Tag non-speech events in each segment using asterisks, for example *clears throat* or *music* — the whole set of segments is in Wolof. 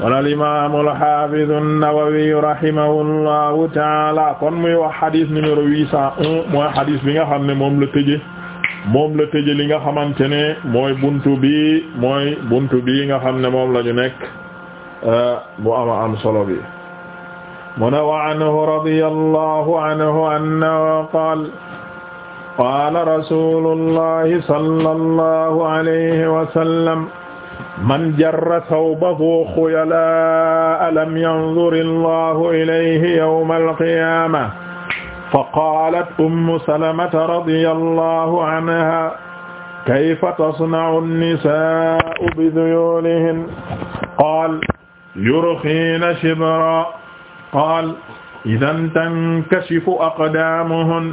wala al-imaam al-haafiz an-Nawawi rahimahullahu taala kon muy wax xadis numéro huit cent un mooy xadis bi nga xam ne moom la tëje moom la tëje li nga xamante ne mooy buntu bi mooy buntu bi nga xam ne moom la ñu nekk euh, bu ama am solo bi mu ne wa anhu radiyallahu anhu annahu qaala qaala rasuulullahi sallallahu alayhi wa sallam man jarra sawbahu xuyalaa lam yanzur allahu ilayhi yawma alqiyaama fa qaalat ummu salamata radiyallahu anha kayfa tasna'u an-nisaa'u biduyuulihin qaal yurxiina shibra qaal idan tankashifu aqdaamuhun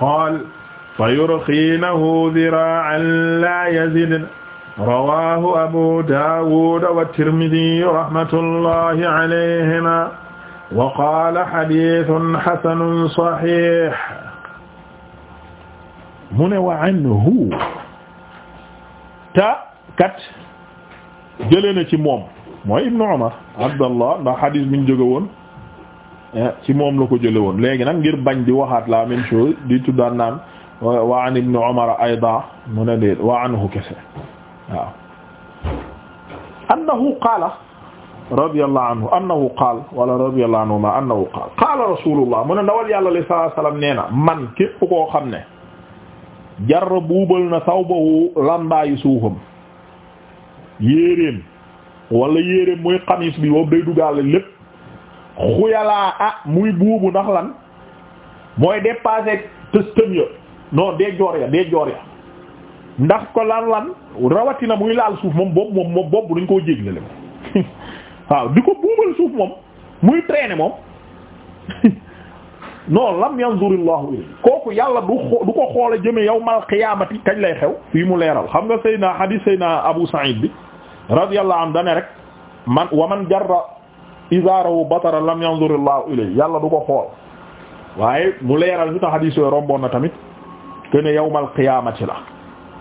qaal fa yurxiinahu ziraa'an laa yazidna rawaahu abu daawuda wa tirmidi rahmatullahi alayhima wa qaala xadiisun xasanun saxiix mu ne wa anhu ta kat jëlee na ci moom mooy Ibnu Umar Abdallah ndax xadiis bi ñu jóge woon eh, ci moom la ko jëlee woon léegi nag ngir bañ di waxaat la même chose di tuddaan naan wa an Ibnu Umar ayda mu ne déet wa anhu kese. waaw annahu qaala radiyallahu anhu annahu qaala wala radiyallahu anhu ma annahu qaala qaala rasulullah mu ne ndawal yàlla li sallallahu man képp koo xam ne jarra buubal na sawbahu lambaayu suufam yéeréem wala yéeréem muy xamis bi boobu day duggaale lépp xuyalaa ah muy buubu ndax lan mooy dépassé tëstëm ya non dee joor ya dee joor ya ndax ko lan rawatina muy laal suuf moom boobu moom moom boobu dañ koo jéglale *laughs* moom waaw di ko buubal suuf moom muy traîner moom *laughs* non lam yanzurillahu ilay kooku yàlla du du ko xoole jëme yawmal qiyaamati kañ lay xew fii mu leeral xam nga Seydina hadith Seydina Abu Sa'id bi radiyallahu anhu dane rek man wa man jarra izaarahu batara lam yanzurillahu ilay yàlla du ko xool waaye mu leeral ñu tax hadith yooyu romboon na tamit que ne yawmal la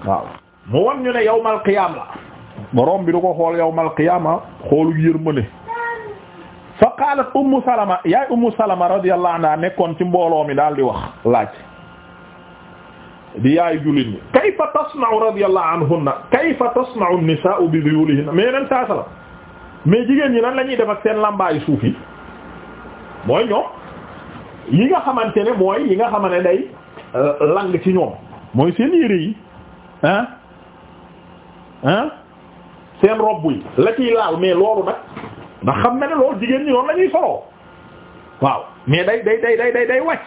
waaw mu wan ñu ne yawmal qiyaam la borom bi du ko xool yawmal qiyaama xoolu yërmande fa qaalat ummu salama yaay ummu salama radiyallahu anha nekkoon ci mbooloo mi daal di wax laaj di yaay jullit ñi kayfa tasna'u radiyallahu anhunna kayfa tasna'u an-nisaa'u bi dhuyulihinna mais yeneen saa mais jigéen ñi nan la ñuy def ak seen lambaayu suuf yi mooy ñoom yi nga xamante ne mooy yi nga xamante ne day euh, lang ci ñoom mooy seen yére ah ah seen robb yi la ciy laal mais loolu nag ndax xam na ne loolu jigéen ñi noonu la ñuy soloo waaw mais day day day day day day wàcc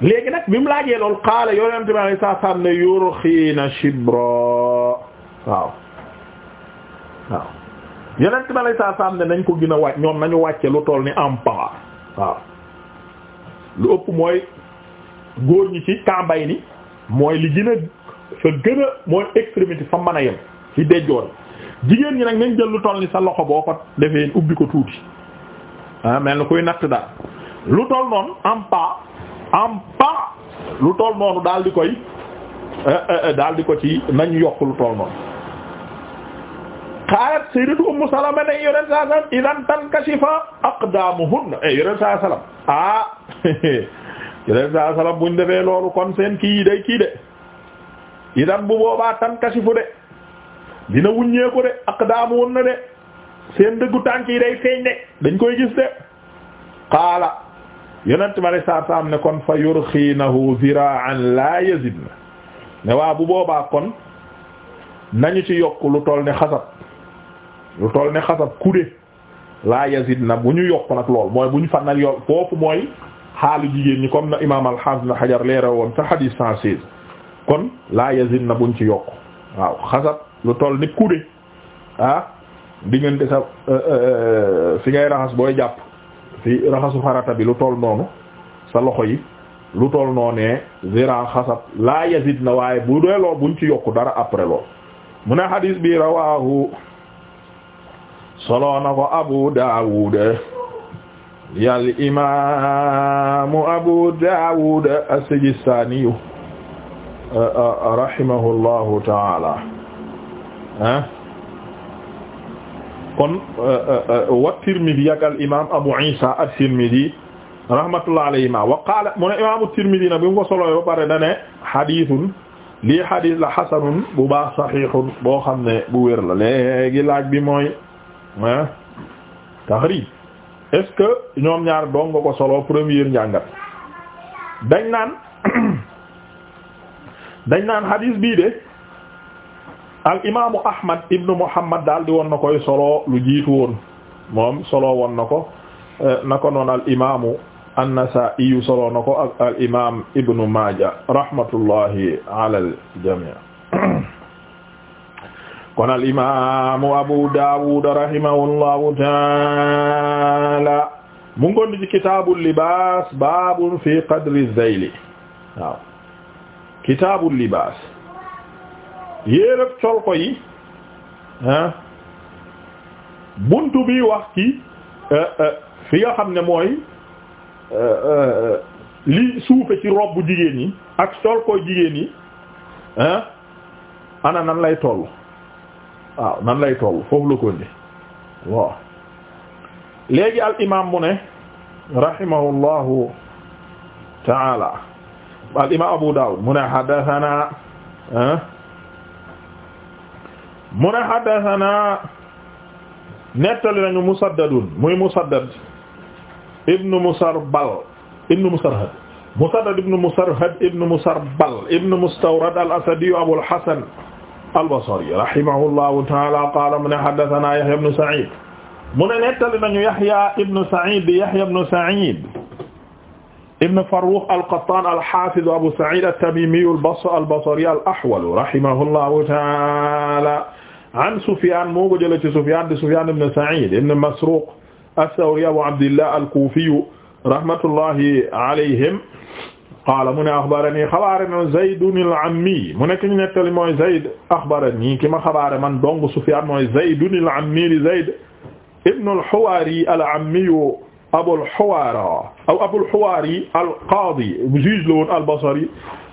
léegi nag bi mu laajee loolu xaala yonente bi saa salaam ne yurxiina shibra waaw waaw yonente bi alei saa salaam ne nañ ko gën a ñoom nañu wàcce lu tool ni empan waaw lu ëpp mooy góor ñi ci kambay ni mooy li gën fa gën a mooy extrémité fa mën a yem ci déjjoor jigéen ñi nag nañ jël lu toll ni sa loxo boo ko defee ubbi ko tuuti ah mel na kuy natt daal lu toll noonu en pas en pas lu toll noonu daal di koy eh, eh, eh, daldi ko ci nañ yokk lu toll noonu xaalat sayyidatu ummu salama ne yoneen saa sallam idan tankashifa aqdamuhunna e yoneen saa ah *laughs* yoneen saa sallam defee loolu kon seen kii yi day kii de idan bu boobaa tan kasifu de dina wuññeeku de ak daamu woon na de seen dëggu tànk yi day feeñ de dañ koy gis de qaala yonent ma saa saam ne kon fa yurxiinahu ziraan laa yazid na ne waa bu boobaa kon nañu ci yokk lu toll ne xasab lu toll ne xasab kude laa yazid na bu ñu yokk nag lool mooy bu ñu fannal yo foofu mooy xaalu jigéen ñi comme na imaam al-Hafiz na Hajar leera woon sa hadith kon laa yazin na buñ ci yokk waaw xasab lu tol ni kude ah diggante sa euh, euh, fi ngay raxas booy jàpp fi raxasu farata bi lu toll noonu sa loxo yi lu toll noonee zira xasab laa yazid na waaye bu dee lool buñ ci yokk dara après lool mu ne xadiis bi rawaahu solo na ko abu daawud yal imaamu abu daawud as-sijistaaniyu rahimahullahu taala ah kon euh, euh, euh, wa Tirmidi ak al imaam Abu Isa at-Tirmidi rahmatullah alayhima wa mu ne imaamu Tirmidi nag bi mu ko solo ba pare da ne xadiisun lii xadiis la xasanun bu baax saxiixun boo xam ne bu wér la léegi laaj bi mooy ah taxriij est que ñoom ñaar doon ko solo premier njàngat dañ naan. *clears throat* dañ naan hadis bii de al imaamu Ahmad ibnu Muhammad daal di woon na koy solo lu jiitu woon moom solo woon na ko eh, na ko noon al imaamu an-Nasaa'i solo na ko ak al imaam ibnu Maaja rahmatullahi ala al jamii *clears throat* kon al imaamu Abu Daawud rahimahullahu taala mu ngi ko ci kitaabul libaas baabun fi qadri zayli waaw kitaabul libaas yéerab col ko yi ah buntu bi wax ci eh, eh, fi nga xam ne mooy eh, li suufe ci robb jigéen ñi ak col jigéen yi ah ana nan lay toll waaw nan lay toll foofu la ko indi waaw léegi al imaam mu ne rahimahullahu taala al imam Abu Dawud mu ne haddathana ah, mu ne haddathana nettali nañu Musaddadun muy Musaddad ibnu Musarbal ibnu Musarhad Musaddad ibnu Musarhad ibnu Musarbal ibnu Mustawrad al-Asadi Abul Hasan al-Basri rahimahullahu ta'ala qala mu ne haddathana Yahya ibnu Sa'id mu ne nettali nañu Yahya ibnu Sa'id Yahya ibnu Sa'id ibn Farrukh al-Qattan al-Hafiz Abu Sa'id at-Tamimi al-Basri al-Ahwal rahimahullahu ta'ala an Sufyan moo ko jëlee ci Sufyan di Sufyan ibn Sa'id ibn Masruq ath-Thawri Abu Abdillah al-Kufi rahmatullahi alayhim qaala mu ne axbarani xabaarana Zaydun al-Ammi mu nekk ñu nettali mooy Zayd axbarani ki ma xabaare man dong Sufyan mooy Zaydun al-Ammi Zayd ibn al-Huwari al-Ammi Abul Huwaara aw Abul Huwaari al-Qaadi juge la woon al-Basri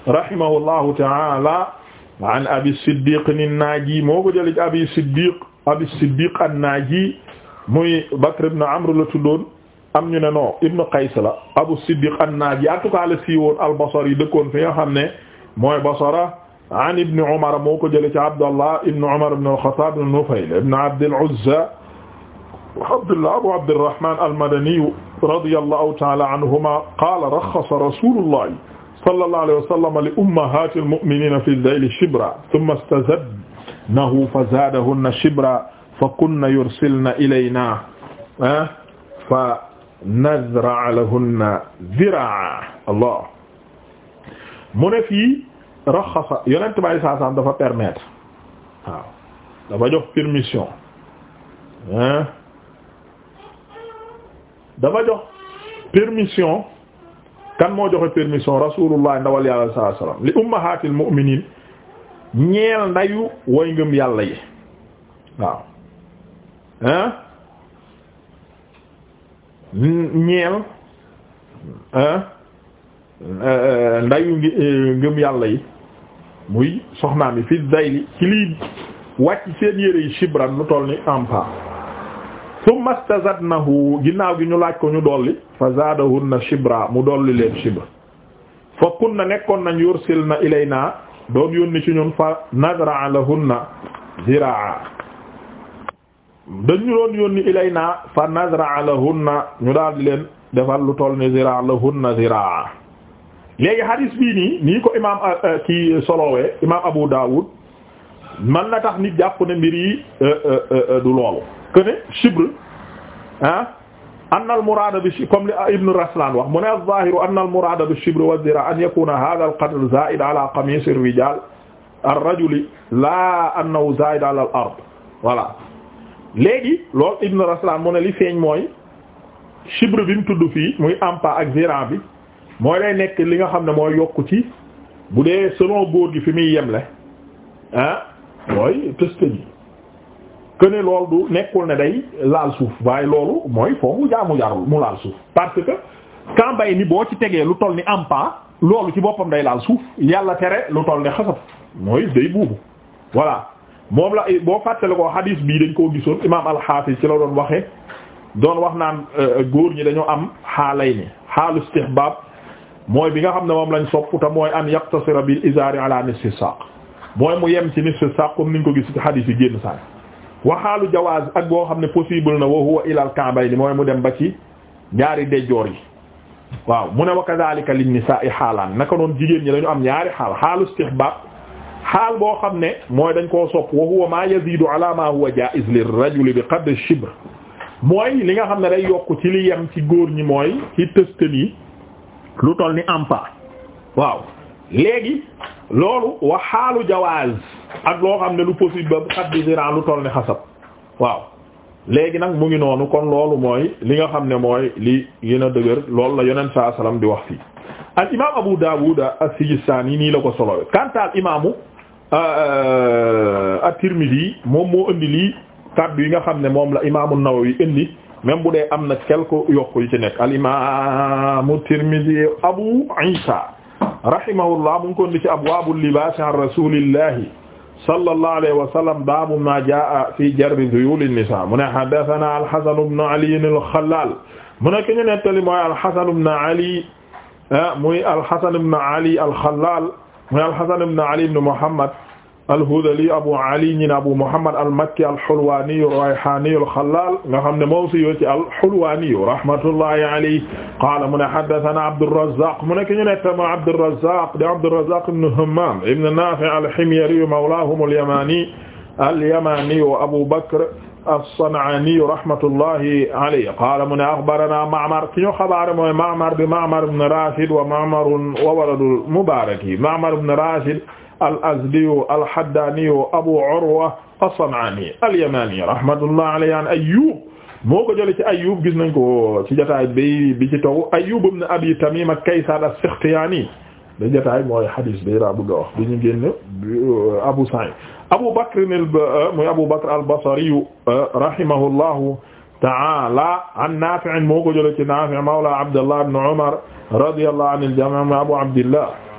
rahimahullahu ta'aala an Abi Siddiq an-Naaji moo ko jëlee ci Abi Siddiq Abi Siddiq an-Naaji muy Bakr ibn Amr la tuddoon am ñu ne non Ibn Qays la Abu Siddiq an-Naaji en tout cas la sii woon al-Basri dëkkoon fi nga xam ne mooy Basra an Ibn Umar moo ko jëlee ci Abdallah Ibn Umar ibn al-Khattab ibn Nufayl ibn Abd al-Uzza Abdullah abu Abdirrahman al-Madani radiyallahu ta'ala anhuma qaala raxxasa rasuulullahi sallallahu alayhi wa sallam li ummahaatil mu'miniina fi dhayli shibran thumma istazadnahu fazaadahunna shibran fakunna yursilna ilaynaa fanazra'u lahunna ziraa'an Allah mu ne fii raxxasa Yonent bi sallallahu alayhi wa sallam dafa permettre waaw dafa jox permission. dafa jox permission kan moo joxe permission rasulullah ndawal yàlla sallallahu alayhi wasallam li ummahatil mu'minin ñeel ndayu way ngëm yàlla yi waaw ah ñeel ah ndayu euh, ngëm yàlla yi muy soxnaam yi fi dayli ci wàcc seen yére yi shibran lu toll ni ampa thumma istazadnahu ginnaaw gi ñu laaj ko ñu dolli fa zaadahunna shibra mu dolli leen shibra fa kunna nekkoon nañ yursilna ilayna doon yónni ci ñun fa nazra'a lahunna ziraa dañu doon yónni ilayna fa nazra'a lahunna ñu daal leen defal lu toll ni ziraa lahunna ziraa léegi hadis bii nii nii ko imaam euh, euh, ki solowee imaam Abu Dawud man na tax nit jàpp ne mbir euh, du loolu que ne chibre ah anna al muraada comme li Ibn Raslan wax mu ne az-zaahiru anna al muraada bi chibre wa an yakuna hadha al qadr ala qamis rijal ar-rajuli la annahu zaa'id ala al-ard voilà léegi loolu Ibn Raslan mu ne li feeñ mooy chibre bi mu tudd fii muy ampa ak zira bi mooy lay nekk li nga xam ne mooy yokku ci bu dee selon góor gi fi muy yemle ah mooy tëste que ne loolu du nekkul ne day laal suuf waaye loolu mooy foo mu jaamu jarul mu laal suuf parce que quand bay ni boo ci tegee lu toll ni am pas loolu ci boppam day laal suuf yàlla tere lu toll ne xasab mooy day buubu moom la boo fàttale ko hadis bii dañ koo gisoon imam al-Hafiz ci la doon waxee doon wax naan euh, góor ñi dañoo am xaalay ni xaalu istihbab mooy bi nga xam ne moom lañ sopp te mooy an yaqtasira bi izari ala nisfi saq mooy mu yem ci nisfi saq comme niñ ko gis ci hadis yi génn sànq waxaalu jawaaz ak boo xam ne possible na wa ila ilal ka'bayni mooy mu dem ba ci ñaari déjjoor yi waaw mu ne wa kadhalika lin nisaa'i xaalaan naka noon jigéen ñi dañu am ñaari xaal xaalu istihbaab xaal boo xam ne mooy dañ ko sopp wa huwa ma yazidu ala ma huwa jaa'iz lirrajuli bi qadri shibr mooy li nga xam ne day yokk ci li yem ci góor ñi mooy ci tëstan yi lu toll ni ampa waaw léegi loolu wa xaalu jawaaz ak loo xam ne lu possible ba bu xat bi lu toll ni xasab waaw léegi nag mu ngi noonu kon loolu mooy li nga xam ne mooy li gën a dëgër loolu la yonent saa salaam di wax fii al imaam Abu Daawud as-Sijistaani nii la ko solowe kanta al imaamu euh, euh, at-Tirmidhi moom moo indi lii kaddu yi nga xam ne moom la imaamu Nawawi indi même bu dee am na quelque yokk yu ci nekk al imaamu Tirmidhi Abu Isa rahimahullah mu ngi ko indi ci abwaabul libaas an rasuulillahi sallallahu alayhi wa sallam baabu maa jaa'a fii jarri zuyuuli nisaa mu ne haddasanaa al-Hasan ibn Ali al-Xallaal mu ne ki ñu nettali mooy al-Hasan ibn Ali ah, muy al-Hasan ibn Ali al-Xallaal muy al-Hasan ibn Ali ibn Muhammad al-Hudhali Abu Ali ñi ne Abu Muhammad al-Makki al-Hulwani ar-Rayhani al-Khallal nga xam ne moom si yoo ci al-Hulwani rahmatullahi alayhi qaala mu ne haddathana Abdurrazzaq mu nekk ñu nekk sama Abdurrazzaq di Abdurrazzaq ibn Hammam ibn Nafi' al-Himyari mawlahum al-Yamani al-Yamani wa Abu Bakr as-San'ani rahmatullahi alayhi qaala mu ne akhbarana Ma'mar ki ñu xabaar mooy Ma'mar bi Ma'mar ibn Rashid wa Ma'mar wa waladul Mubarak Ma'mar ibn Rashid al-Azdiyu al-Haddaniyu Abu Urwa as-San'ani al-Yamani rahmatullah alayhi an Ayyub moo ko jëlee ci Ayyub gis nañ ko ci jotaay bi bi ci taw Ayyub ibn Abi Tamim ak Kaysan as-Sakhtiyani da jotaay mooy hadis bi daa bëgg a wax bi ñu génn Abu Sa'id Abu Bakr muy Abu Bakr al-Basriyu rahimahullahu ta'ala an Nafi' moo ko jëlee ci Nafi' mawla Abdullah ibn Umar radiyallahu anil jami' Abu Abdillah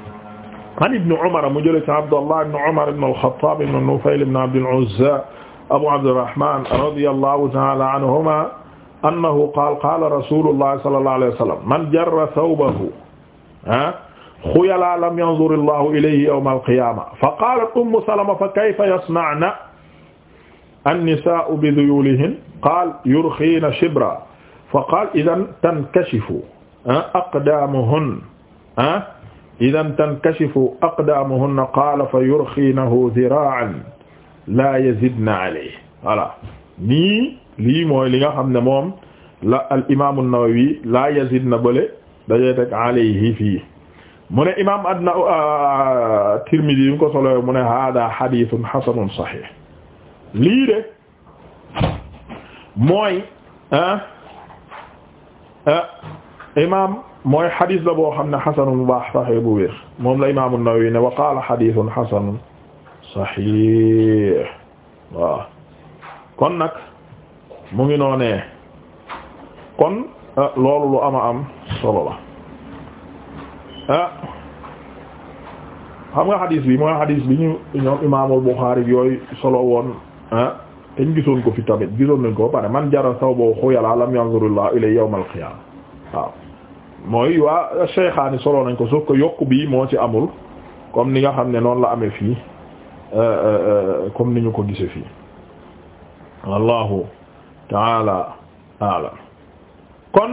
an ibni Umar mu jëlee ci Abdallah ibn Umar ibn al-Khattab ibn Nufayl ibn Abd al-Uzza Abu Abdirrahman radiyallahu ta'ala anhuma annahu qaala qaala rasulullah sallallahu alayhi wa sallam man jarra thawbahu khuyala lam yanzur Allahu ilayhi yawm al-qiyamah fa qalat Ummu Salama fa kayfa yasna'na an-nisa'u bi dhuyulihin qala yurkhina shibra fa qala idhan tankashifu aqdamuhunna idan tankashifu aqdaamuhunna qaala fa yurxiinahu ziraan laa yazidna alayhi voilà nii lii mooy li nga xam ne moom la al imaamu Nawawi laa yazidna bële dajee teg alayhi fii mu ne imaam adna uh, Tirmidi yi mu ko solo mu ne haadaa hadiisun hasanun saxiix lii de mooy ah, ah, imaam. mooy xadis la boo xam ne xasanun bu baax saxee bu wér moom la imaamu Nawawi ne wa qaala xadisun xasanun saxiix kon nag mu ngi noonee kon ah, loolu lu ama am solo la ah xam nga xadis bi mooy xadis bi ñu ñoom imaamul Buxaari yooyu solo woon ah te ñu gisoon ko fi tamit gisoon nañ ko ba man jara saw boobu xuyala lam yanzurullahu ilay yawmal qiyaama waaw mooy waa Shaykhaani solo nañ ko sauf que yokk bi moo ci amul comme ni nga xam ne noonu la amee fii euh, euh, euh, comme ni ñu ko gisee fii wallahu taala aalam kon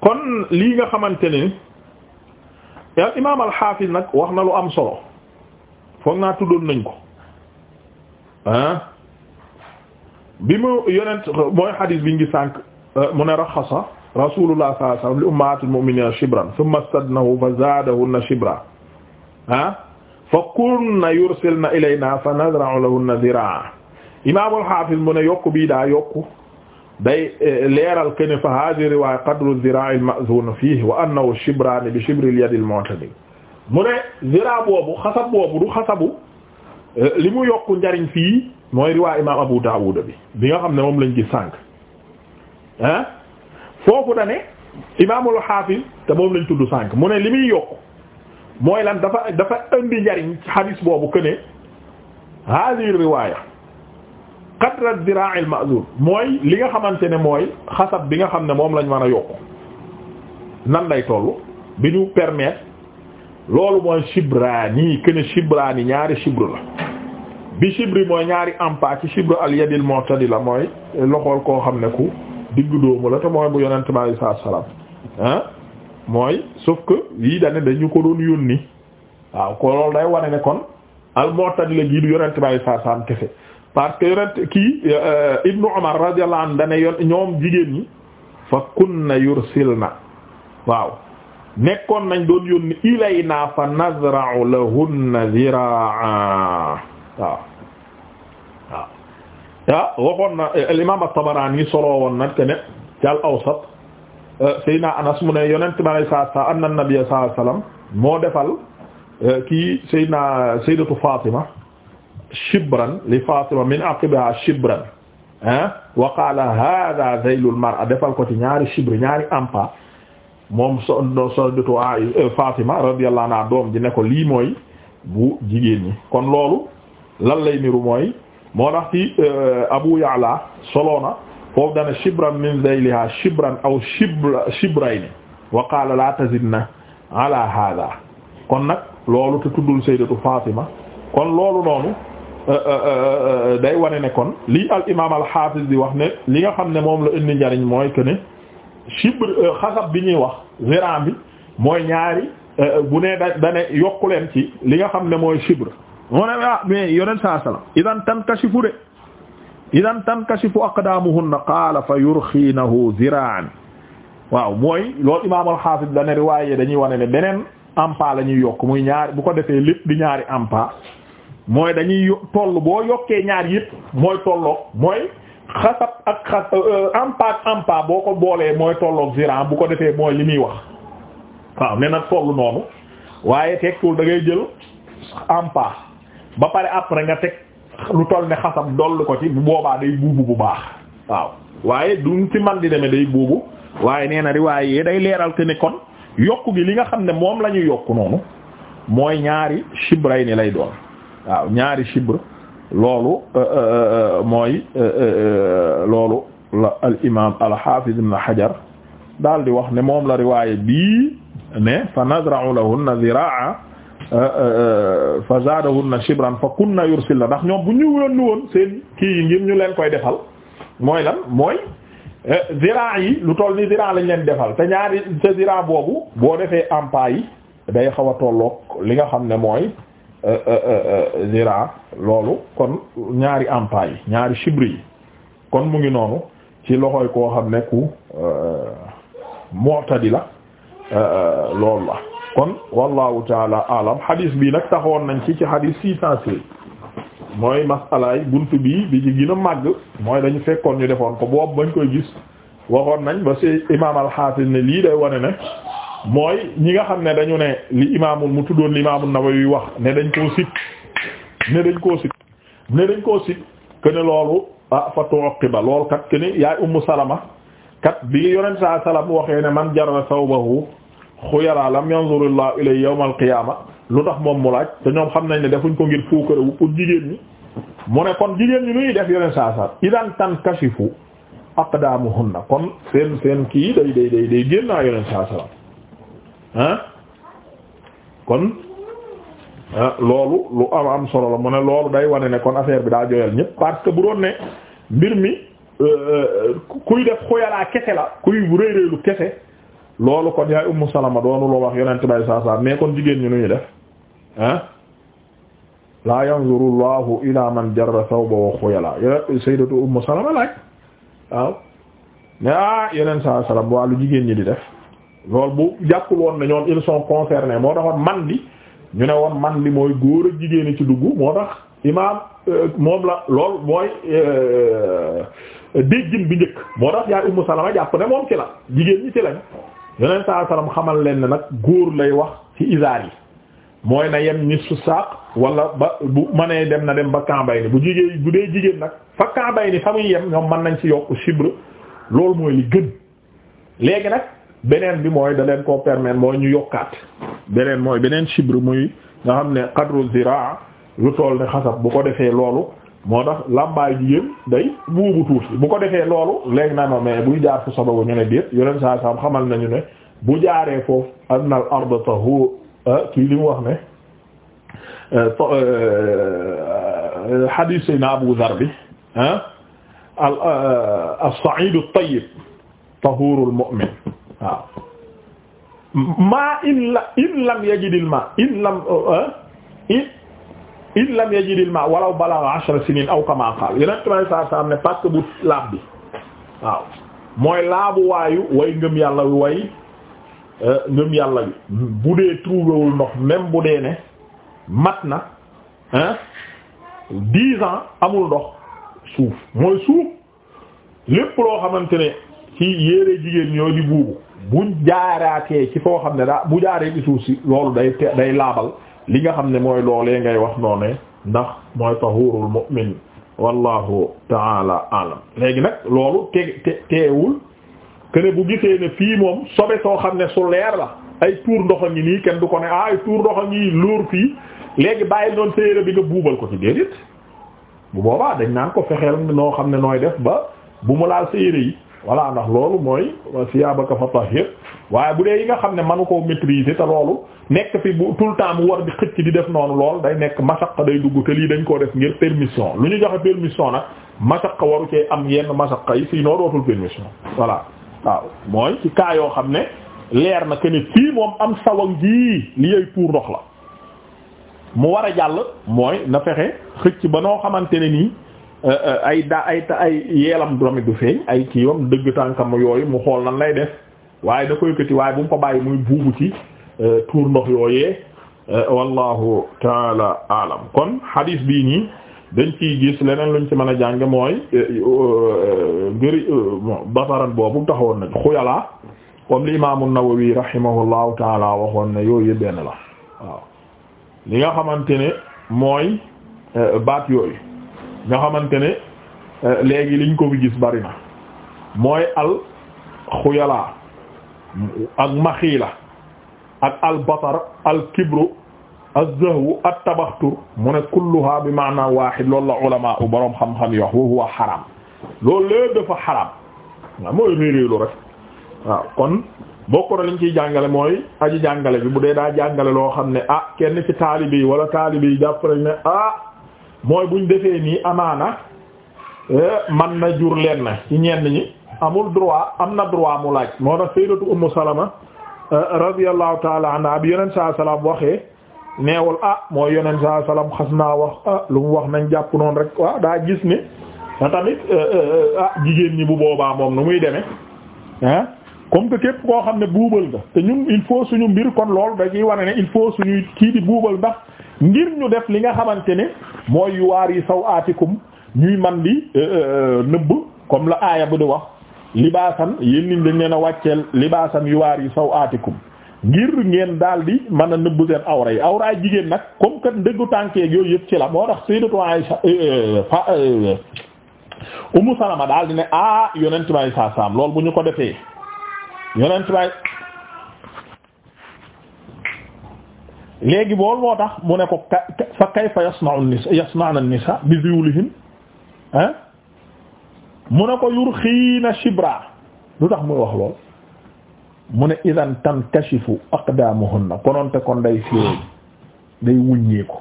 kon lii nga xamante ni al imaam al xaafis nag wax na lu am solo foog naa tuddoon nañ ko bi mu yonent mooy xadiis bi ngi sànk Euh, mu ne raxasa rasulullah sallallahu alayhi wasallam li ummahatil mu'minina shibran thumma stadnahu fa zaadahunna shibra ah fa kunna yursilna ilayna fa nadra'u lahunna zira'a imaamul hafiz mu ne yokku bii daa yokku day eh, leeral ke ne fa hadi riwaya qadru zira'i al-ma'zun fihi wa annahu shibrani bi shibri al-yad al-mu'tadi mu ne zira boobu xasab boobu du xasabu eh, li mu yokku njariñ fii mooy riwaa imaam Abu Dawud bi bi nga xam ne moom lañ gis sànq ah foofu da ne imaamul xaafis te moom lañ tudd sànq mu ne li muy yokk mooy lan dafa dafa indi njariñ ci xadis boobu que ne hadihi riwaya qadra diraa al ma'zur mooy li nga xamante ne mooy xasab bi nga xam ne moom lañ mën a yokk nan lay toll bi ñu permettre loolu mooy chibrani que ne chibrani ñaari chibre la bi chibri mooy ñaari ampa ci chibre al yadil mu'tadila mooy loxool koo xam ne ku diggu dóomu la mooy bu yonent bi alayhi salaatu salaam ah mooy sauf que yii dane dañu ko doon yónni waaw ko loolu day wane ne kon al-Mu'tazila la gii du yonent bi alayhi salaam kese parce que yonent kii euh, Ibnu Umar radiyallahu anhu dane yon ñoom jigéen ñi fa kunna yursilna waaw nekkoon nañ doon yónni ilayna fa nazra'u lahunna ziraa waaw ah waxoon na al imaam at woon nag que ne ci al-Awsat eh, Seydina Anas mu ne yonent bi alayhi salaatu wa salaam anna nabiyya moo defal eh, kii Seydina Sayyidatu Fatima shibran li Fatima min aqibiha shibran ah wa qaala defal ko ci ñaari shibr ñaari ampa moom so Sayyidatu Fatima radiyallahu anha doom ji ne ko lii mooy bu jigéen kon loolu lan lay niru mooy. moo tax ci euh, Abu Ya'la soloona foofu dana shibran min zayliha cibra aw shibra shibrayn wa qala la tazidna ala hada kon nag loolu te tuddul sayyidatu Fatima kon loolu noonu euh, euh, day wane ne kon lii al imaam al hafiz di wax ne li nga xam ne moom la indi njariñ mooy que ne shibr xasab bi ñuy wax zéran bi mooy ñaari bu ne da da yokku leen ci li nga xam ne mooy shibr mu ne ah mais yonent saa salaam idan tankashifu de idan tankashifu aqdaamuhunna qaala fa yurxiinahu ziraan waaw mooy loolu imaamul xaafis la riwaaye dañuy wane ne beneen ampa la ñuy yokk muy ñaar bu ko defee lépp di ñaari ampa mooy dañuy toll boo yokkee ñaar yëpp mooy tolloog mooy xasab ak xas euh, euh, ampa ak ampa boo ko boolee mooy tolloog ziraan bu ko defee mooy li muy wax waaw ne nag toll noonu waaye tekkiwul da jël ampa. ba pare après nga teg lu toll ne xasab dolli ko ci bu boobaa day buubu bu baax waaw waaye duñ ci man di deme day buubu waaye nee na riwaay yee day leeral te ne kon yokku gi li nga xam ne moom la ñu yokku noonu mooy ñaari chibray ni lay doon waaw ñaari chibre loolu euh, euh, euh, mooy loolu la al imam al hafiz ibn hajar daal di wax ne moom la riwaay bii ne fa nazra'u lahunna ziraa Euh, euh, euh, fa zaadahunna shibran fa kunna yursilna ndax ñoom bu ñu yónni woon seen kii yi ngir ñu leen koy defal mooy lan mooy ziraa yi lu toll ni ziraa lañ leen defal te ñaari te ziraa boobu boo defee empas yi day xaw a tolloog li nga xam ne mooy ziraa loolu kon ñaari empas yi ñaari shibri yi kon mu ngi noonu ci loxoy koo xam ne ku mu'tadi la loolu la kon wallahu taala alam hadis bii nag taxoon nañ ci ci hadis six cent seize mooy masalaay bunt bi bi ci gën a màgg mooy dañu fekkoon ñu defoon ko boobu bañ koy gis waxoon nañ ba si imaam alxaafis ne lii day wane ne mooy ñi nga xam ne dañu ne li imaamul mu tuddoon li imaamul yuy wax ne dañ koo sit ne dañ koo sit ne dañ koo sit que ne loolu ah fa tuqiba loolu kat que yaay ummu salama kat bi yonent saa salam waxee ne man jarra sawbahu xuyalaa lam yanzurullah ilay yawmal qiyaama lu tax moom mu laaj te ñoom xam nañ ne defuñ ko ngir fuukarewu pour jigéen ñi mu ne kon jigéen ñi nuy def yeneen saa saa idan tankashifu aqdaamuhunna kon seen seen kii day day day day génnaa yeneen saa saa kon ah, loolu lu am am solo la mu ne loolu day wane ne kon affaire bi daa joyal ñëpp parce que bu doon ne mbir mi euh, euh, kuy def xuyalaa kese la kuy réy réylu kese loolu kon yaay ummu salama doonuloo wax yonent bay saa saa mais kon jigéen ñi nu ñu def ah laa yanzuru llahu ila man jarra thawbahu xuyala yoneen sayyidatu ummu salama laaj waaw mais ah yeneen saa salam waa lu jigéen ñi di def loolu bu jàppul woon ne ñoom ils sont concernés moo taxoon man di ñu ne woon man di mooy góor ak jigéen ñi ci dugg moo tax imaam euh, moom la lool mooy euh, déggin bi njëkk moo tax yaay ummu salama jàpp ne moom ci la jigéen ñi ci lañ yonent saa salaam xamal leen ne nag góor lay wax ci isaar yi mooy na yem su saaq wala ba bu ma mënee dem na dem ba kambay ni bu jigéen bu dee jigéen nag fa kambay ni fa muy yem ñoom mën nañ ci yokk chibre loolu mooy li gën léegi nag beneen bi mooy daleen leen koo permettre mooy ñu yokkaat beneen mooy beneen chibre muy nga xam ne qadru ziraa lu toll ne xasab bu ko defee loolu moo tax làmbaay jigéen day buubu tuuti bu ko defee loolu léegi na no mais buy jaar fu sababu ñu ne déet yeneen saa saam xamal nañu ne bu jaaree foofu anna al arda tahur ah, kii li mu wax ne ah, eh, hadith sayna Abu Dharr bi ah, al eh, as-sa'id at-tayyib tahuru al-mu'min waaw maa in la in lam yajid al ma in lam eh, in lam yajidil ma walaw balagha ashra sinin aw kama qaal yeneen trois saa saa ne parce bu laab bi waaw mooy laabu waayu way ngëm yàlla wi way euh, ngëm yàlla wi bu dee trouvéwul ndox même bu dee ne mat na hein dix ans amul ndox suuf mooy suuf lépp loo xamante ne ci yére jigéen ñoo di buubu buñ jaaraatee ci foo xam ne daa bu jaaree ci si loolu day day laabal li nga xam ne mooy loolee ngay wax noonu ndax mooy tahurul mu'min wallahu taala alam léegi nag loolu te te teewul kene bu gisee ne fii moom sobe soo xam ne su leer la ay tuur ndoxa ngi nii kenn du ko ne ah, ay tuur ndoxa ngi lóor fii léegi bàyyi noonu séeréer bi nga buubal ko ci déedéet bu boobaa dañ naan ko fexeel noo xam ne nooy def ba bu mu laal séeréer yi voilà ndax loolu mooy siyaabaka fa tahir waaye bu dee yi nga xam ne manu koo maîtriser te loolu nekk fi bu tout le temps mu war di xëcc di def noonu lool day nekk masaq day dugg te lii dañ koo def ngir permission lu ñu joxe permission nag masaq waru cee am yenn masaq yi sinon dootul permission voilà waaw mooy ci cas yoo xam ne leer na que ne fii moom am sawang jii li yey tuur ndox la mu war a jàll mooy na fexe xëcc ba noo xamante ne nii Euh, euh, ay da ay ta ay yeelam damit du feeñ ay kiiwam dëgg tànkam yooyu mu xool nan lay def waaye da koy këti waaye bu mu ko bàyyi muy buubu ci euh, tuur ndox yooyee wallahu taala alam kon hadith bii nii dañ ciy gis leneen luñ ci mën a jànge mooy ngëri basaran boobu taxawoon nañ xuyalaa comme li imaamu Nawawi rahimahullahu taala waxoon ne yooyu benn la waaw li nga xamante ne mooy baat yooyu nga xamante ne euh, léegi liñ ko fi gis bari na mooy al xuyalaa ak maxiila ak al batar al kibru az-zahwu at-tabaxtur mu ne kulluha bi maana waaxid loolu la ulama u boroom xam-xam yi wax wa huwa xaraam loolu lépp dafa xaraam waaw mooy réeréelu rek waaw kon bokk na liñ ciy jàngale mooy aji jàngale bi bu dee daa jàngale loo xam ne ah kenn ci taalibe yi wala taalibe yi jàpp nañ ne ah mooy buñ defee nii amaana eh, man na jur leen na ci ñenn ñi amul droit am na droit mu laaj moo tax sayyidatu ummu salama eh, radiyallahu taala anha bi yonent saa salaam waxee neewul ah mooy yonent saa salaam xas naa wax ah lu mu wax nañ jàpp noonu rek waaw daa gis ne te tamit eh, ah, jigéen ñi bu boobaa moom nu muy demee ah comme que képp koo xam ne buubal nga te ñun il faut suñu mbir kon loolu dañuy wane ne il faut suñuy kii di buubal ndax ngir ñu def li nga xamante ne mooy yu waar yi saw aatikum ñuy man di euh, euh, nëbb comme la aaya bu di wax libaasan yéen niñ dañ leen a wàcceel libaasan yu waar yi saw aatikum ngir ngeen daal di mën a nëbb seen awra yi ay jigéen nag comme que ndëggu tànkeeg yooyu yëpp ci la moo tax sayyidatu Aisha euh, fa Ummu Salama daal di ne ah yonent may saa saam loolu bu ñu ko defee yonent bay léegi boolu moo tax mu ne ko fa kayfa yasna'u nisa yasna'na nisa bi ziwlihin ah mu ne ko yurxiina sibra lu tax muy wax lool mu ne idan tankashifu na konoonte kon day firéñ day wuññeeku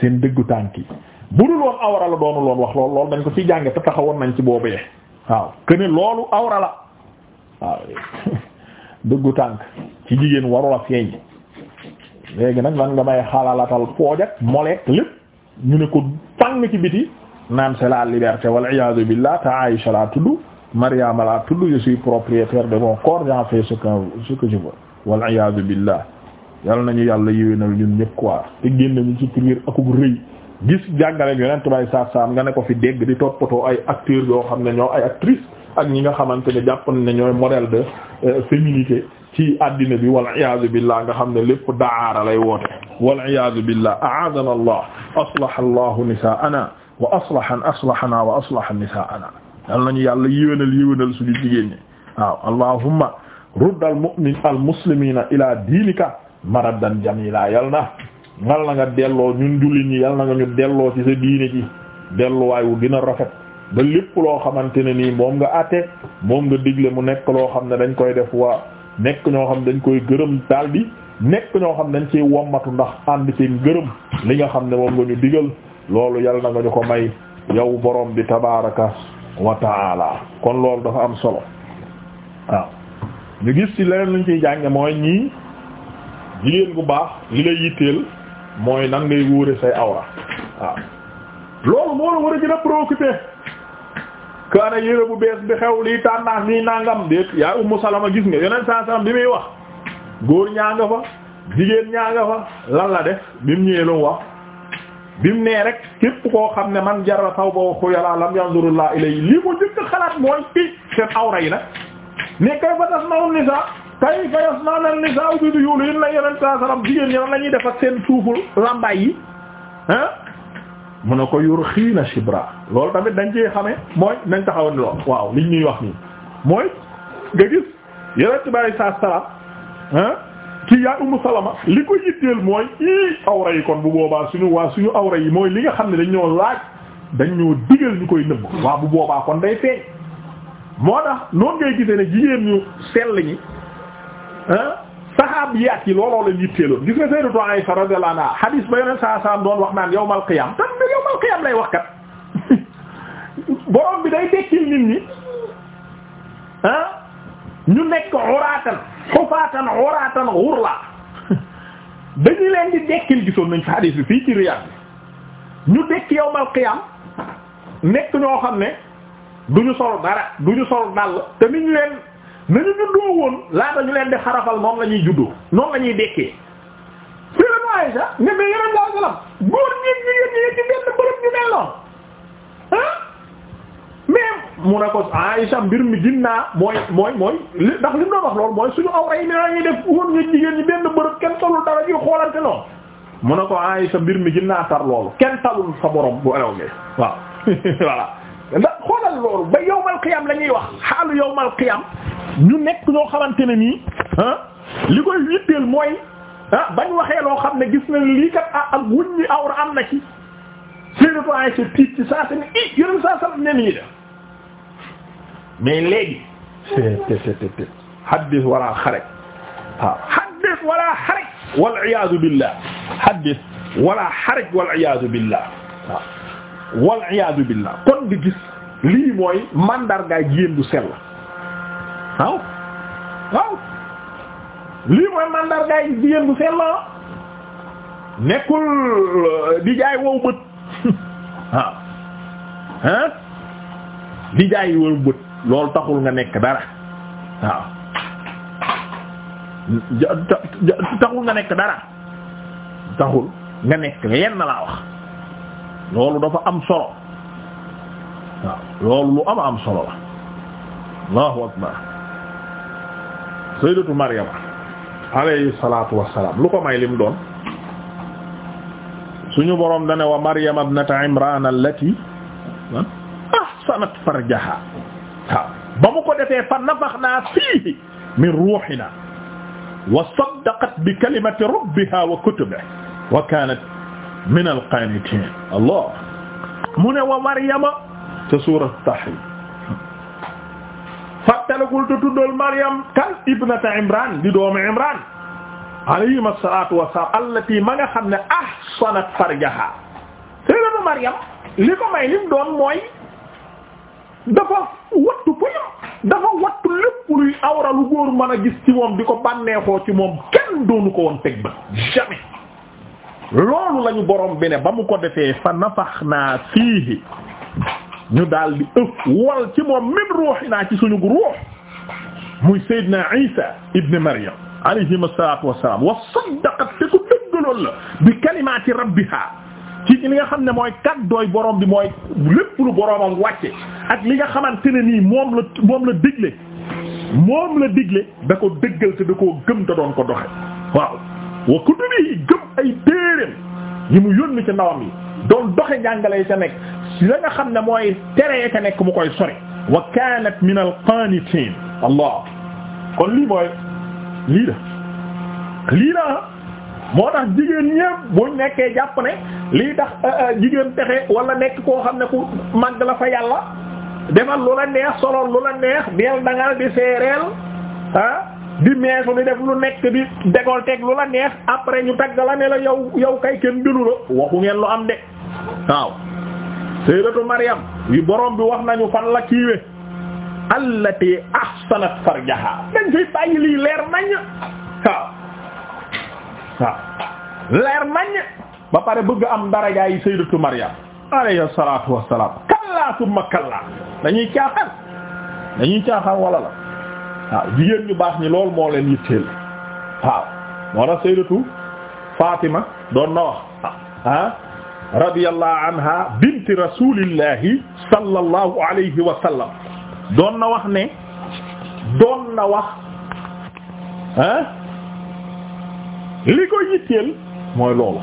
seen dëggu tànk yi bu dul woon awra la doonu loon wax lool loolu dañ ko ci jànge te taxawoon nañ ci boobee waaw këne loolu awra la waaw dëggu tànk ci jigéen warula feeñ léegi nag lan nga may xalalatal pooj ak moleek ñu ne ko fang ci biti naan c'est la liberté wal iyaazu billah te Aïcha laa tudd Mariama laa tudd je suis propriétaire de mon corps j'en fais ce que ce que je veux wal iyaazu billah yal nañu yàlla yéwénal ñun ñëpp quoi te génn ñu ci prière akub rëy gis jàngale yonent bay saat saam nga ne ko fi dégg di toppatoo ay acteurs yoo xam ne ñoo ay actrices ak ñi nga xamante ne jàpp ne ñooy modèle de euh, féminité ci addina bi wal iyaazu billah nga xam ne lépp daara lay woote wal iyaazu billah a'aadana allah aslaha allahu nisaa'ana wa aslahan aslahana wa aslaha nisaa'ana yal nañu yàlla yéwénal yéwénal suñu jigéen ñi waaw allahumma rudd al mu'min al muslimina ila diinika maraddan jamila yal na yal na nga delloo ñun jullit ñi yal na nga ñu delloo ci sa diine ci delluwaay wu gën a rafet ba lépp loo xamante ne nii moom nga àtte moom nga digle mu nekk loo xam ne dañ koy def waa nekk ñoo xam dañ koy gërëm daldi nekk ñoo xam dañ ci wommatu ndax ànd ci gërëm li nga xam ne moom nga ñu digal loolu yàlla na nga ñu ko may yow borom bi tabaraka wa taala kon loolu dafa am solo waaw ñu gis ci leneen luñ ciy jànge mooy ñii jigéen bu baax li lay yitteel mooy nan ngay wóore say awra waaw loolu moo la war a gën a kaana yére bu bees bi xew lii tànnaax nii nangam déet yaay ummu salama gis nga yeneen saa salaam bi muy wax góor ñaa nga fa jigéen ñaa nga fa lan la def bi mu ñëwee lu wax bi mu nee rek képp koo xam ne man jarra saw ba waxu yàlla lam yanzurullah ilay lii ko njëkk xalaat mooy i seen awra yi nag ne kay fa tas na um ni saa kay fa tas na nel ni saa ubbi du yuulu in la yeneen saa salaam jigéen ñi lan la seen suufu làmbaay yi ah mu ne ko yur xiina shibra loolu tamit dañ ci xame mooy nañ taxawoon lool waaw liñ ñuy wax nii mooy nga gis yonent bi alayhi salaatu wa salaam kii yaa Ummu Salama li ko yitteel mooy ii awra yi kon bu boobaa suñu waa suñu awra yi mooy li nga xam ne dañ ñoo laaj dañ ñoo digal ñu koy nëbb waa bu boobaa kon day feeñ moo tax noonu ngay gisee ne jigéen ñu sell ñi saxaabiyaat yi looloo leen yitteeloon gis nga Sayyidatu Aisha radiyallahu anha hadis ba yoneen saa saam doon wax naan yawmal qiyaam tam ne yawmal qiyaam lay wax kat *laughs* borom bi day dekkil nit ñi ah ñu nekk uratan xufaatan uratan xurla *laughs* dañu leen di dekkil gisoon nañ fi hadis bi fii ci Riyad bi ñu dekk yawmal qiyaam nekk ñoo xam ne duñu sol dara duñu sol dàll te niñ leen nañu juddoo woon laata ñu leen di xarafal noonu la ñuy juddoo noonu la ñuy dekkee sirén Aysa ne mais yeneen laa salam góor ñi ñi ñi benn bërëb ñu mel noonu ah mais mu ne ko Aysa mbir mi ginnaa naa mooy mooy li ndax li mu doon wax loolu mooy suñu awra yi na ñuy def woon ñu jigéen ñi benn bërëb kenn tollu dara ñuy xoolante noonu mu ne ko Aysa mbir mi ginnaa tar loolu kenn talul sa borom bu elew ngay waaw *laughs* defal loolu ba yowmal qiyam la ñuy wax xaalu yowmal qiyam ñu nekk ñoo xamante ne nii ah li koy yitteel mooy ah bañ waxee loo xam ne gis na lii kat ah ak wuñ ñi awra am na ci Sayyidatu Aisha tiit ci saa si ne i yoneen saa sallam ne nii de mais léegi tttt haddis wala xaraj waaw ah, haddis wala xaraj waliyasu billah haddis wala xaraj waliyasu billah waaw ah, waliyasu billah kon di gis lii mooy mandargaay jigéen bu sell waaw waaw lii mooy mandargaay jigéen bu sell nekkul euh, di jaay wow bët *laughs* waaw hein di jaay wow bët loolu taxul nga nekk dara waaw taxul nga nekk dara taxul nga nekk lenn laa wax loolu dafa am solo waaw loolu lu am am solo la allahu akbar sayyidatu maryama alayhi salatu wassalam lu ko may lim doon suñu boroom dane wa maryama ibnata imran allati ahsanat farjaha waaw ba mu ko defee fa nafaxna fiihi min ruuhina wa saddaqat bi kalimati rabbiha wa kutubihi wa kanat min alqanitin allah mu ne wa maryama ca suurat Tahrim fàttalikul te tuddal Maryam kan ibnata Imran di doomu Imran alayhim assalatu wassalam allati ma nga xam ne ahsanat farjaha sayyidatu Maryam li ko may lim doon mooy dafa wattu pëyam dafa wattu lépp luy awra lu góor mën a gis ci moom di ko bànneexoo ci moom kenn doonu ko woon teg ba jamais loolu lañu borom bi ne ba mu ko defee fa nafax naa fiihi ñu daal di ëf wal ci moom min ruuxinaa ci suñu ruux muy Seydina Isa ibn Maryam alayhi salaatu wassalaam wa saddaqat te ku dëggaloon la bi li nga xam ne mooy kaddooy borom bi mooy lépp lu boromam wàcce ak li nga xamante ne nii moom la moom la digle moom la digle da ko dëggal te da koo gëm te doon ko doxe waaw wa kutubihi gëm ay téereem yi mu yónni ci ndawam yi doon doxe njàngale ca nekk la nga xam ne mooy tere ca nekk mu koy sori wa kanat min al qanitin allah kon lii mooy lii la lii la moo tax jigéen ñépp buñ nekkee jàpp ne lii tax euh, euh, jigéen texe wala nekk koo xam ne ku màgg la fa yàlla defal lu la neex solo lu la neex deel dangal di seereel ah di meesu di def lu nekk di décolleté lu la neex après ñu tagg la ne la yow yow kay kenn gënu la waxu ngeen lu am de waaw sayyidatu Maryam yi borom bi wax nañu fan la kiiwe allati ahsanat farjaha dañ koy bàyyi lii leer nañ waaw waaw leer nañ ba pare bëgg am daraja yi sayyidatu Maryam alayhi salatu wassalam kalla summa kalla dañuy caaxaan dañuy caaxaan wala la waaw jigéen ñu baax ñi lool moo leen yitteel waaw moo tax sayyidatu Fatima doon na wax ah, ah. radiyallahu anha binti rasulillahi sallallahu alayhi wa doon na wax ne doon na wax ah li ko yitteel mooy loolu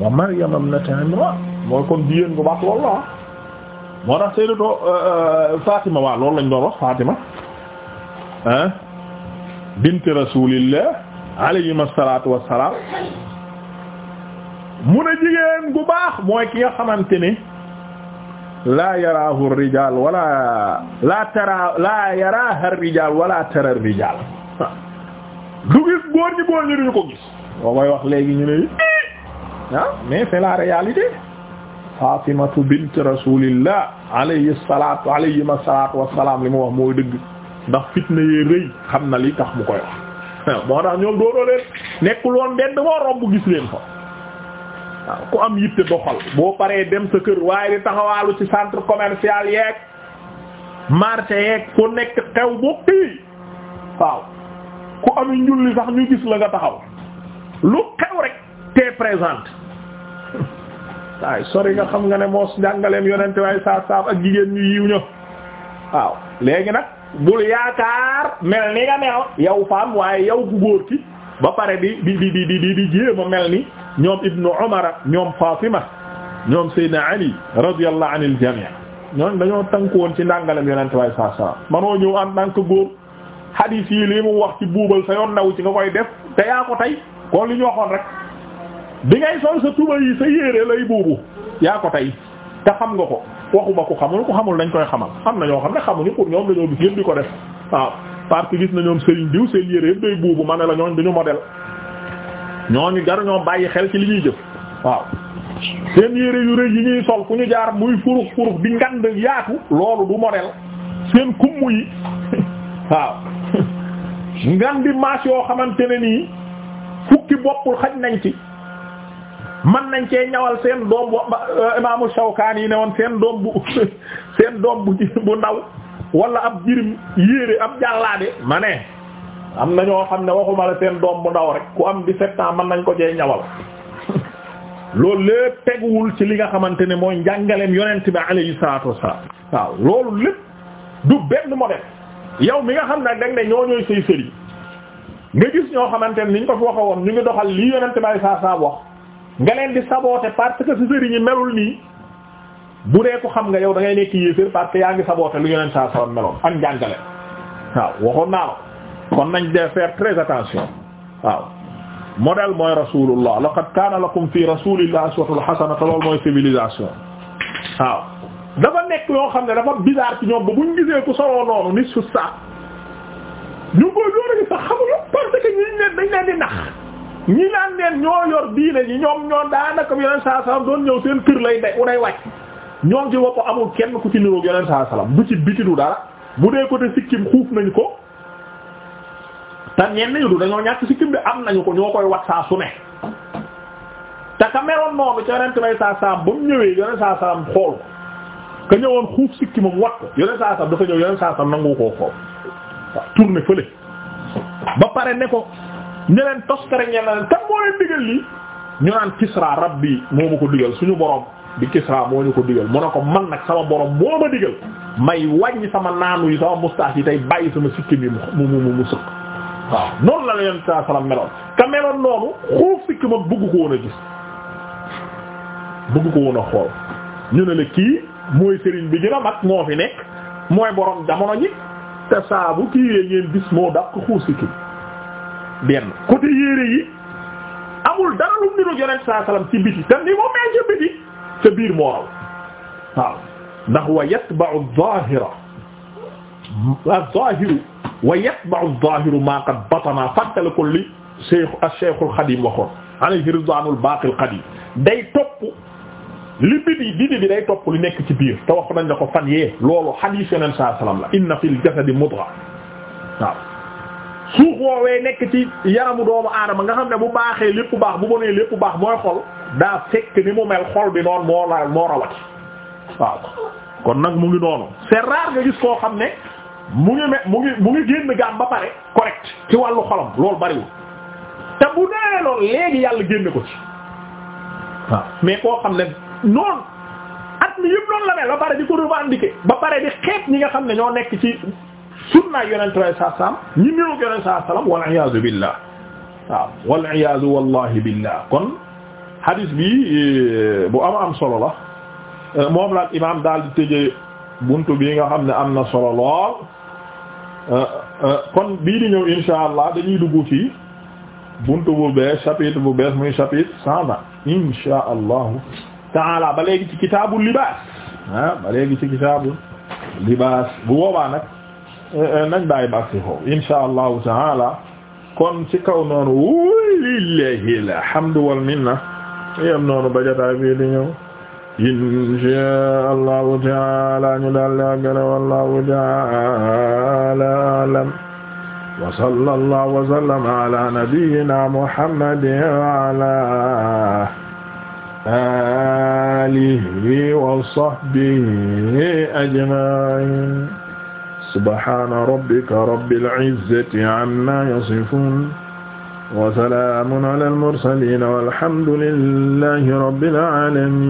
wa Maryam ibnat Imran mooy kon jigéen bu baax loolu ah. moo tax Sayyidatu euh, euh, Fatima waaw loolu lañ doon wax Fatima ah bint rasulillah alayhi assalatu wassalam mu ne jigéen gu baax mooy ki nga xamante ni laa yaraahu rijaal wala laa tara laa yaraaha rijaal wala tara rijaal du gis góor ñi góor ñi duñu ko gis boo koy wax léegi ñu ne ah mais c'est la réalité Fatimatu bint rasulillah alayhi salatu alayhi salatu wassalam li mu wax mooy dëgg ndax fitna yee rëy xam na li tax mu koy wax moo tax ñoom doonoo leen nekkul woon benn moo romb gis leen fa waaw ku am yitte doxal boo paree dem sa kër waaye di taxawaalu ci centre commercial yeeg marché yeeg fu nekk xew bokkii waaw ku am njulli sax ñu gis la nga taxaw lu xew rek te présent *laughs* waaye sori nga xam nga ne moo njàngaleem yonente waaye saab saab ak jigéen ñu yiw ña waaw léegi nag bul yaakaar mel ni nga mel yow faam waaye yow ku góor ki ba pare di di di di di di jéem a mel ni ñoom ibnu Umar ñoom Fatima ñoom Seydina Ali radiyallahu anil jami' ñoom dañoo tënku woon ci ndàngalem yonent way saa saa manoo ñëw en tant que góor hadith yi mu wax ci buubal sa yoon ci nga koy def te yaa ko tey kon li ñu waxoon rek bi ngay sol sa tuba yi sa te xam nga ko waxuma ko xamul ko xamul dañ koy xamal am na ñoo xam ne xamuñu pour ñoom dañoo gis yëpp di ko def waaw parce que gis na ñoom Serigne diw seen yére yëpp day buubu ma ne la ñooñ duñu modèle ñooñu gar ñoom bàyyi xel ci li ñuy jëf waaw seen yére yu rëy yi ñuy sol ku ñu jaar muy furux furux di ngand yaatu loolu du modèle seen kumm yi *laughs* waaw *laughs* ngan di maas yoo xamante ne nii fukki boppul xaj nañ ci man nañ cee ñawal seen doom bu euh, imaamu Shawkaani yi ne woon seen doom bu *laughs* seen doom bu ndaw wala ab jirim yéere ab jàllaade ma ne am na ñoo xam ne waxuma la seen doom bu ndaw rek ku am 17 ans mën nañ ko cee ñawal *laughs* loolu lépp teguwul ci li nga xamante ne mooy njàngaleem yonent bi alayhi salaatu wassalaam waaw loolu lépp du benn modèle yow mi nga xam ne danga ne ñoo ñooy say sëriñ nga gis ñoo xamante ne ni ñu ko fi waxa woon ñu ngi doxal lii yonent bi alayhi salaatu wassalaam wax nga leen di saboter parce que sa sëriñ yi melul nii bu dee xam nga yow da ngay nekk yéeféer parce yaa ngi saboote lu yeneen saa salam meloon ak njàngale waaw waxoon naa la kon nañ de faire très attention waaw modèle mooy rasulullah laqad kaana lakum fi rasulillahi uswatul hasana te mooy civilisation waaw dafa nekk yoo xam ne dafa bizarre ci ñoom ba buñ gisee ku soloo noonu ni su sa ñu ngi koy a gis sax xamuñu parce que ñiñ leen dañ leen di nax ñi naan ñoo yor diine ñi ñoom ñoo daanaka yeneen saa salam ñëw seen kër lay day u ñoom ci bopp amul kenn ku ci niroog yonent saa salaam du ci biti du dara bu dee côté sikkim xuuf nañ ko te ñenn ñu du dañoo ñàkk sikkim bi am nañu ko ñoo koy wax saa su ne te ka meroon noonu ci yonent saa salaam ba mu ñëwee yonent saa salaam xool ka ñëwoon xuuf sikkimam wat ko yonent saa salaam dafa ñëw yonent saa salaam nangu koo xool tourner fële ba pare ne ko ñu leen tos kare ñenn leen moo leen digal lii ñu naan Kisra rabbi moo ma ko digal suñu borom. bi Kisra moo ñu ko digal mu ne ko man nag sama borom boo ma digal may wàññi sama naanu yi sama moustache yi tey bàyyi sama sikki bi mu mu mu sëq waaw noonu la la yonent saa salaam meloon te meloon noonu xoof sikki ma bëgg ko woon a gis bëgg ko woon a xool ñu ne la kii mooy sëriñ bi gën a mag moo fi nekk mooy borom jamono ji te saabu kii yee ngeen gis moo dàq xuus sikki benn côté yére yi amul dara lu niru yonent saa salaam ci biti te ni moo mel sa biir moo raw waaw ndax wa yatba'u adh-dhahira adh-dhahiru wa yatba'u adh-dhahiru ma qad batana li Cheikh Cheikh al-Khadim waxoon alayhi ridwanul baqi al-Qadim day topp li bidi bidi bi day topp nekk ci biir te wax nañ la ko fan yee loolu hadith Yonent saa salaam la inna fil jasadi mudgha waaw suux woowee nekk ci yaramu doomu aadama nga xam ne bu baaxee lépp baax bu bonee lépp baax mooy xol daa fekk ni mu mel xol bi noonu moo la moo rawati kon nag mu ngi noonu c'est rare nga gis koo xam ne mu ngi me mu ngi mu ngi génn gaam ba pare correct ci wàllu xolam loolu bariwul te bu nee loolu léegi yàlla génn ko ci waaw mais koo xam ne noonu at mi yëpp noonu la mel ba pare di ko revendiquer ba pare di xeet ñi nga xam ne ñoo nekk ci sunna yonent way saa saam ñi niroog yonent saa salaam wal iyaazu billah waaw wal iyaazu wallahi billah kon hadis bi euh, bu am am solo la ah. moom la imaam daal di tëjee buntu bi nga xam ne am na solo lool ah, ah, kon bii di ñëw insha allah dañuy dugg ci buntu bu bees chapitre bu bees muy chapitre cent vingt insha allahu taala ba léegi ci kitaabu libaas ah ba léegi ci kitaabu libaas bu boobaa nag eh, eh, nañ bàyyi baax ci foofu insha allahu taala kon ci kaw noonu lillahi alhamdu wal minna yem noonu ba jotaay bii di ñëw inshaa allahu taala ñu daal di àggale wallahu taala alam wa sallallahu wa sallama ala nabiyyina muhammadin wa ala alihi wa sahbihi ajma'in subhana rabbika rabbil izzati amma yasifun wa salaamun ala al-mursaliin walhamdu lillahi rabbil aalamiin